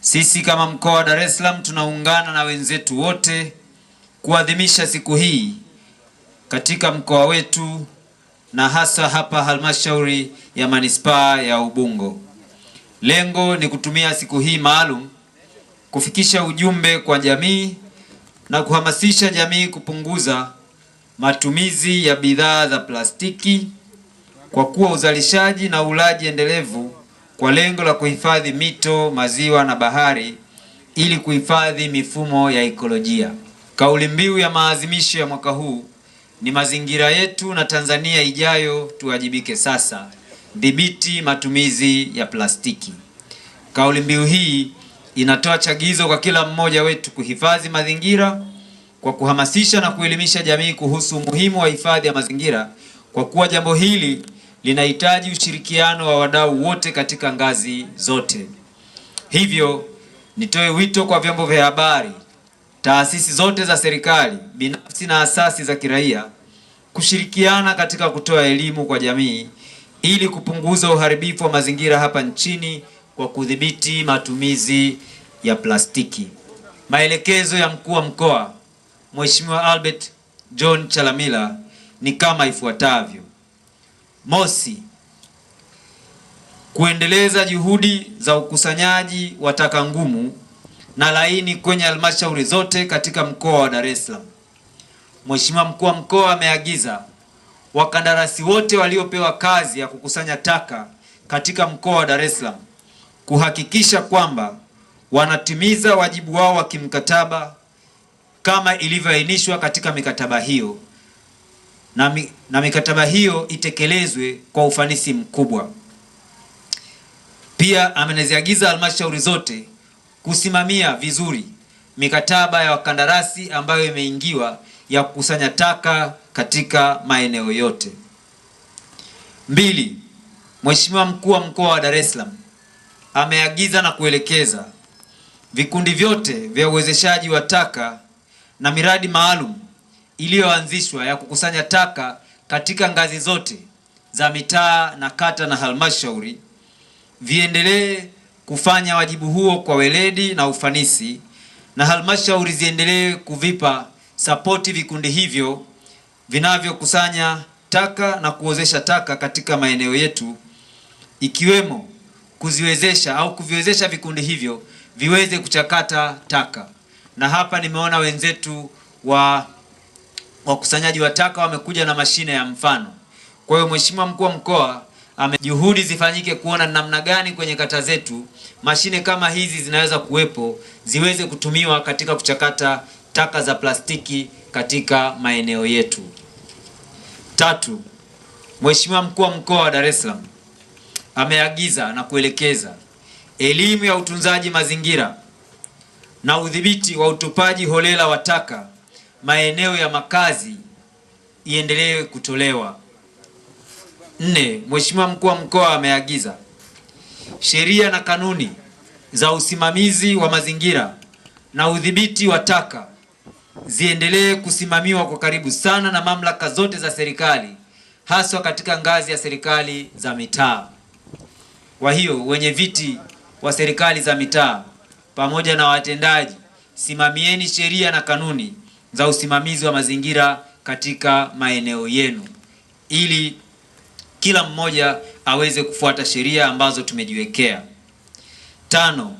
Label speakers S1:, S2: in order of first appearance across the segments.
S1: Sisi kama mkoa wa Dar es Salaam tunaungana na wenzetu wote kuadhimisha siku hii katika mkoa wetu na hasa hapa halmashauri ya manispaa ya Ubungo. Lengo ni kutumia siku hii maalum kufikisha ujumbe kwa jamii na kuhamasisha jamii kupunguza matumizi ya bidhaa za plastiki kwa kuwa uzalishaji na ulaji endelevu kwa lengo la kuhifadhi mito, maziwa na bahari ili kuhifadhi mifumo ya ekolojia. Kauli mbiu ya maadhimisho ya mwaka huu ni mazingira yetu na Tanzania ijayo, tuwajibike sasa, dhibiti matumizi ya plastiki. Kauli mbiu hii inatoa chagizo kwa kila mmoja wetu kuhifadhi mazingira kwa kuhamasisha na kuelimisha jamii kuhusu umuhimu wa hifadhi ya mazingira kwa kuwa jambo hili linahitaji ushirikiano wa wadau wote katika ngazi zote. Hivyo nitoe wito kwa vyombo vya habari, taasisi zote za serikali, binafsi na asasi za kiraia kushirikiana katika kutoa elimu kwa jamii ili kupunguza uharibifu wa mazingira hapa nchini kwa kudhibiti matumizi ya plastiki. Maelekezo ya mkuu wa mkoa Mheshimiwa Albert John Chalamila ni kama ifuatavyo. Mosi, kuendeleza juhudi za ukusanyaji wa taka ngumu na laini kwenye halmashauri zote katika mkoa wa Dar es Salaam. Mheshimiwa mkuu wa mkoa ameagiza wakandarasi wote waliopewa kazi ya kukusanya taka katika mkoa wa Dar es Salaam kuhakikisha kwamba wanatimiza wajibu wao wa kimkataba kama ilivyoainishwa katika mikataba hiyo na, mi, na mikataba hiyo itekelezwe kwa ufanisi mkubwa. Pia ameziagiza halmashauri zote kusimamia vizuri mikataba ya wakandarasi ambayo imeingiwa ya kukusanya taka katika maeneo yote. Mbili, Mheshimiwa Mkuu wa Mkoa wa Dar es Salaam ameagiza na kuelekeza vikundi vyote vya uwezeshaji wa taka na miradi maalum iliyoanzishwa ya kukusanya taka katika ngazi zote za mitaa na kata na halmashauri viendelee kufanya wajibu huo kwa weledi na ufanisi, na halmashauri ziendelee kuvipa sapoti vikundi hivyo vinavyokusanya taka na kuozesha taka katika maeneo yetu, ikiwemo kuziwezesha au kuviwezesha vikundi hivyo viweze kuchakata taka. Na hapa nimeona wenzetu wa wakusanyaji wa taka wamekuja na mashine ya mfano. Kwa hiyo Mheshimiwa Mkuu wa Mkoa amejuhudi juhudi zifanyike kuona namna gani kwenye kata zetu mashine kama hizi zinaweza kuwepo ziweze kutumiwa katika kuchakata taka za plastiki katika maeneo yetu. Tatu, Mheshimiwa Mkuu wa Mkoa wa Dar es Salaam ameagiza na kuelekeza elimu ya utunzaji mazingira na udhibiti wa utupaji holela wa taka maeneo ya makazi iendelee kutolewa. Nne, Mheshimiwa Mkuu wa Mkoa ameagiza sheria na kanuni za usimamizi wa mazingira na udhibiti wa taka ziendelee kusimamiwa kwa karibu sana na mamlaka zote za serikali haswa katika ngazi ya serikali za mitaa. Kwa hiyo wenye viti wa serikali za mitaa pamoja na watendaji, simamieni sheria na kanuni za usimamizi wa mazingira katika maeneo yenu ili kila mmoja aweze kufuata sheria ambazo tumejiwekea. Tano,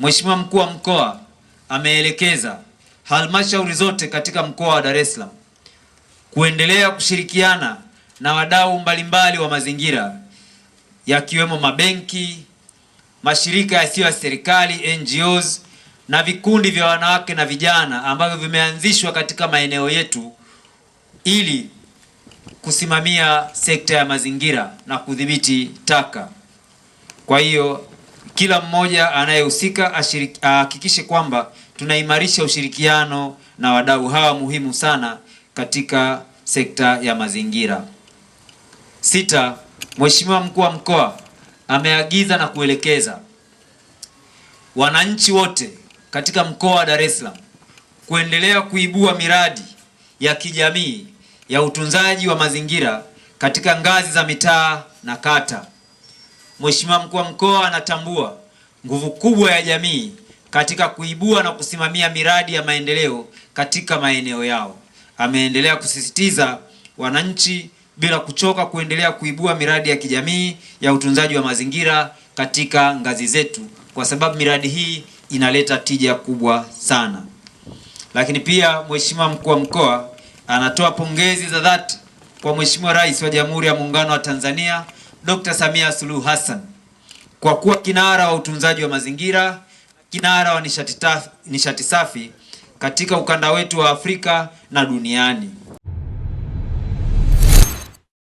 S1: Mheshimiwa Mkuu wa Mkoa ameelekeza halmashauri zote katika mkoa wa Dar es Salaam kuendelea kushirikiana na wadau mbalimbali wa mazingira yakiwemo mabenki, mashirika yasiyo ya serikali NGOs na vikundi vya wanawake na vijana ambavyo vimeanzishwa katika maeneo yetu ili kusimamia sekta ya mazingira na kudhibiti taka. Kwa hiyo kila mmoja anayehusika ahakikishe kwamba tunaimarisha ushirikiano na wadau hawa muhimu sana katika sekta ya mazingira. Sita, Mheshimiwa Mkuu wa Mkoa ameagiza na kuelekeza wananchi wote katika mkoa wa Dar es Salaam kuendelea kuibua miradi ya kijamii ya utunzaji wa mazingira katika ngazi za mitaa na kata. Mheshimiwa mkuu wa mkoa anatambua nguvu kubwa ya jamii katika kuibua na kusimamia miradi ya maendeleo katika maeneo yao. Ameendelea kusisitiza wananchi bila kuchoka kuendelea kuibua miradi ya kijamii ya utunzaji wa mazingira katika ngazi zetu, kwa sababu miradi hii inaleta tija kubwa sana. Lakini pia Mheshimiwa mkuu wa mkoa anatoa pongezi za dhati kwa Mheshimiwa Rais wa Jamhuri ya Muungano wa Tanzania Dr. Samia Suluhu Hassan kwa kuwa kinara wa utunzaji wa mazingira, kinara wa nishati, taf, nishati safi katika ukanda wetu wa Afrika na duniani.